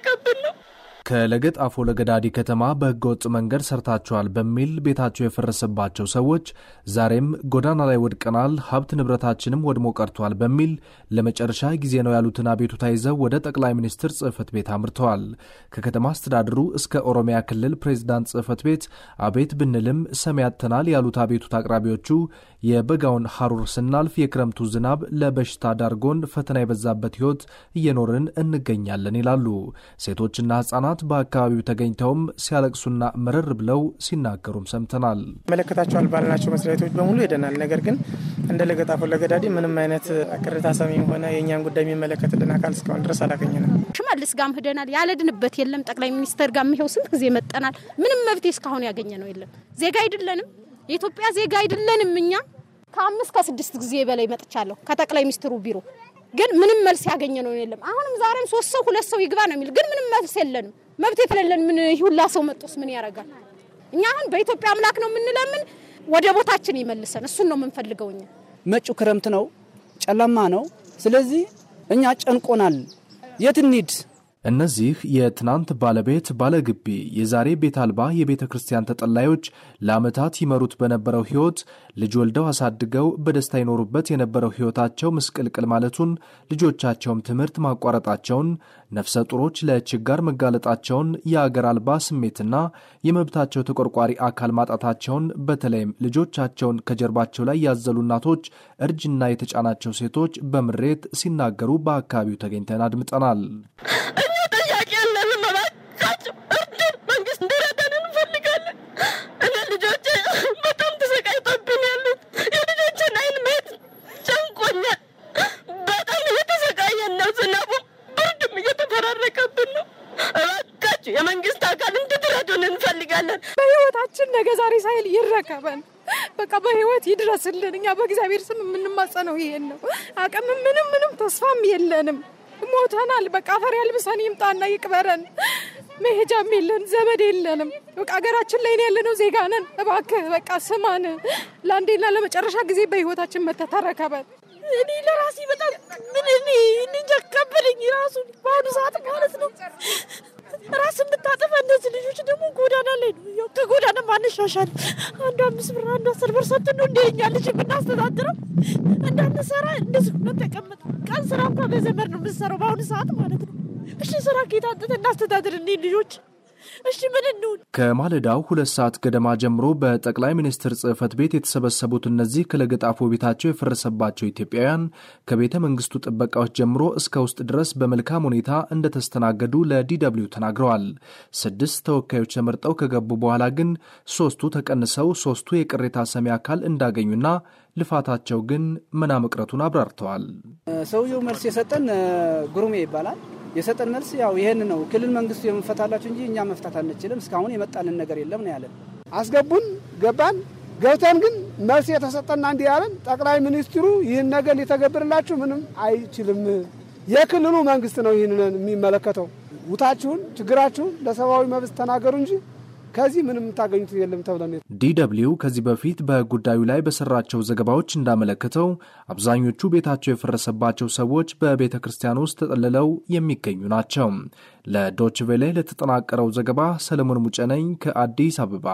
ሊቀብል ነው። ከለገጣፎ ለገዳዲ ከተማ በህገወጥ መንገድ ሰርታችኋል በሚል ቤታቸው የፈረሰባቸው ሰዎች ዛሬም ጎዳና ላይ ወድቀናል፣ ሀብት ንብረታችንም ወድሞ ቀርቷል በሚል ለመጨረሻ ጊዜ ነው ያሉትን አቤቱታ ይዘው ወደ ጠቅላይ ሚኒስትር ጽህፈት ቤት አምርተዋል። ከከተማ አስተዳደሩ እስከ ኦሮሚያ ክልል ፕሬዚዳንት ጽህፈት ቤት አቤት ብንልም ሰሚያተናል ያሉት አቤቱ አቅራቢዎቹ የበጋውን ሐሩር ስናልፍ የክረምቱ ዝናብ ለበሽታ ዳርጎን ፈተና የበዛበት ህይወት እየኖርን እንገኛለን ይላሉ። ሴቶችና ህጻናት በአካባቢው ተገኝተውም ሲያለቅሱና መረር ብለው ሲናገሩም ሰምተናል። መለከታቸዋል ባልናቸው መስሪያ ቤቶች በሙሉ ሄደናል። ነገር ግን እንደ ለገጣፎ ለገዳዲ ምንም አይነት ቅሬታ ሰሚም ሆነ የእኛን ጉዳይ የሚመለከትልን አካል እስካሁን ድረስ አላገኘንም። ሽማልስ ጋም ሄደናል። ያለድንበት የለም። ጠቅላይ ሚኒስተር ጋር ይኸው ስንት ጊዜ መጠናል። ምንም መብት እስካሁን ያገኘ ነው የለም። ዜጋ አይደለንም። የኢትዮጵያ ዜጋ አይደለንም እኛ። ከአምስት ከስድስት ጊዜ በላይ መጥቻለሁ ከጠቅላይ ሚኒስትሩ ቢሮ ግን ምንም መልስ ያገኘ ነው የለም። አሁንም ዛሬም ሶስት ሰው ሁለት ሰው ይግባ ነው የሚል ግን ምንም መልስ የለንም። መብት የተለለን ምን ሁላ ሰው መጦስ ምን ያደርጋል? እኛ አሁን በኢትዮጵያ አምላክ ነው የምንለምን፣ ወደ ቦታችን ይመልሰን። እሱን ነው የምንፈልገው እኛ። መጪው ክረምት ነው፣ ጨለማ ነው። ስለዚህ እኛ ጨንቆናል። የት እንሂድ? እነዚህ የትናንት ባለቤት ባለግቢ የዛሬ ቤት አልባ የቤተ ክርስቲያን ተጠላዮች ለዓመታት ይመሩት በነበረው ሕይወት ልጅ ወልደው አሳድገው በደስታ ይኖሩበት የነበረው ሕይወታቸው ምስቅልቅል ማለቱን፣ ልጆቻቸውም ትምህርት ማቋረጣቸውን፣ ነፍሰ ጡሮች ለችጋር መጋለጣቸውን፣ የአገር አልባ ስሜትና የመብታቸው ተቆርቋሪ አካል ማጣታቸውን፣ በተለይም ልጆቻቸውን ከጀርባቸው ላይ ያዘሉ እናቶች፣ እርጅና የተጫናቸው ሴቶች በምሬት ሲናገሩ በአካባቢው ተገኝተን አድምጠናል። እየተፈራረቀብን ነው። እባካችሁ የመንግስት አካል እንድትረዱን እንፈልጋለን። በህይወታችን ነገ ዛሬ ሳይል ይረከበን። በቃ በህይወት ይድረስልን። እኛ በእግዚአብሔር ስም የምንማጸነው ይሄን ነው። አቅም ምንም ምንም ተስፋም የለንም። ሞተናል። በቃ አፈር ያልብሰን ይምጣና ይቅበረን። መሄጃም የለን፣ ዘመድ የለንም። በቃ ሀገራችን ላይ ያለነው ዜጋ ነን። እባክህ በቃ ስማን፣ ለአንዴና ለመጨረሻ ጊዜ በህይወታችን መተህ እኔ ለራሴ በጣም ምን እኔ እንጃ ከበደኝ ራሱ ማሻሻል አንዱ አምስት ብር አንዱ አስር ብር ሰጥ ነው እንደ እኛ ልጅ የምናስተዳድረው እንዳንሰራ እንደዚህ ነው ተቀምጠ ቀን ስራ እንኳ በዘመድ ነው የምንሰራው በአሁኑ ሰዓት ማለት ነው። እሺ ስራ ጌጣጥት እናስተዳድር እኔ ልጆች እሺ ምን እንሁን? ከማለዳው ሁለት ሰዓት ገደማ ጀምሮ በጠቅላይ ሚኒስትር ጽህፈት ቤት የተሰበሰቡት እነዚህ ከለገጣፎ ቤታቸው የፈረሰባቸው ኢትዮጵያውያን ከቤተ መንግስቱ ጥበቃዎች ጀምሮ እስከ ውስጥ ድረስ በመልካም ሁኔታ እንደተስተናገዱ ለዲደብሊው ተናግረዋል። ስድስት ተወካዮች ተመርጠው ከገቡ በኋላ ግን ሶስቱ ተቀንሰው ሶስቱ የቅሬታ ሰሚ አካል እንዳገኙና ልፋታቸው ግን መና መቅረቱን አብራርተዋል። ሰውየው መልስ የሰጠን ጉሩሜ ይባላል የሰጠን መልስ ያው ይሄን ነው። ክልል መንግስቱ የምንፈታላችሁ እንጂ እኛ መፍታት አንችልም፣ እስካሁን የመጣልን ነገር የለም ነው ያለን። አስገቡን፣ ገባን። ገብተን ግን መልስ የተሰጠና እንዲህ ያለን ጠቅላይ ሚኒስትሩ ይህን ነገር ሊተገብርላችሁ ምንም አይችልም፣ የክልሉ መንግስት ነው ይህንን የሚመለከተው። ውታችሁን፣ ችግራችሁን ለሰብአዊ መብት ተናገሩ እንጂ ከዚህ ምንም የምታገኙት የለም ተብለን ዲደብሊው ከዚህ በፊት በጉዳዩ ላይ በሰራቸው ዘገባዎች እንዳመለከተው አብዛኞቹ ቤታቸው የፈረሰባቸው ሰዎች በቤተ ክርስቲያን ውስጥ ተጠልለው የሚገኙ ናቸው። ለዶችቬሌ ለተጠናቀረው ዘገባ ሰለሞን ሙጨነኝ ከአዲስ አበባ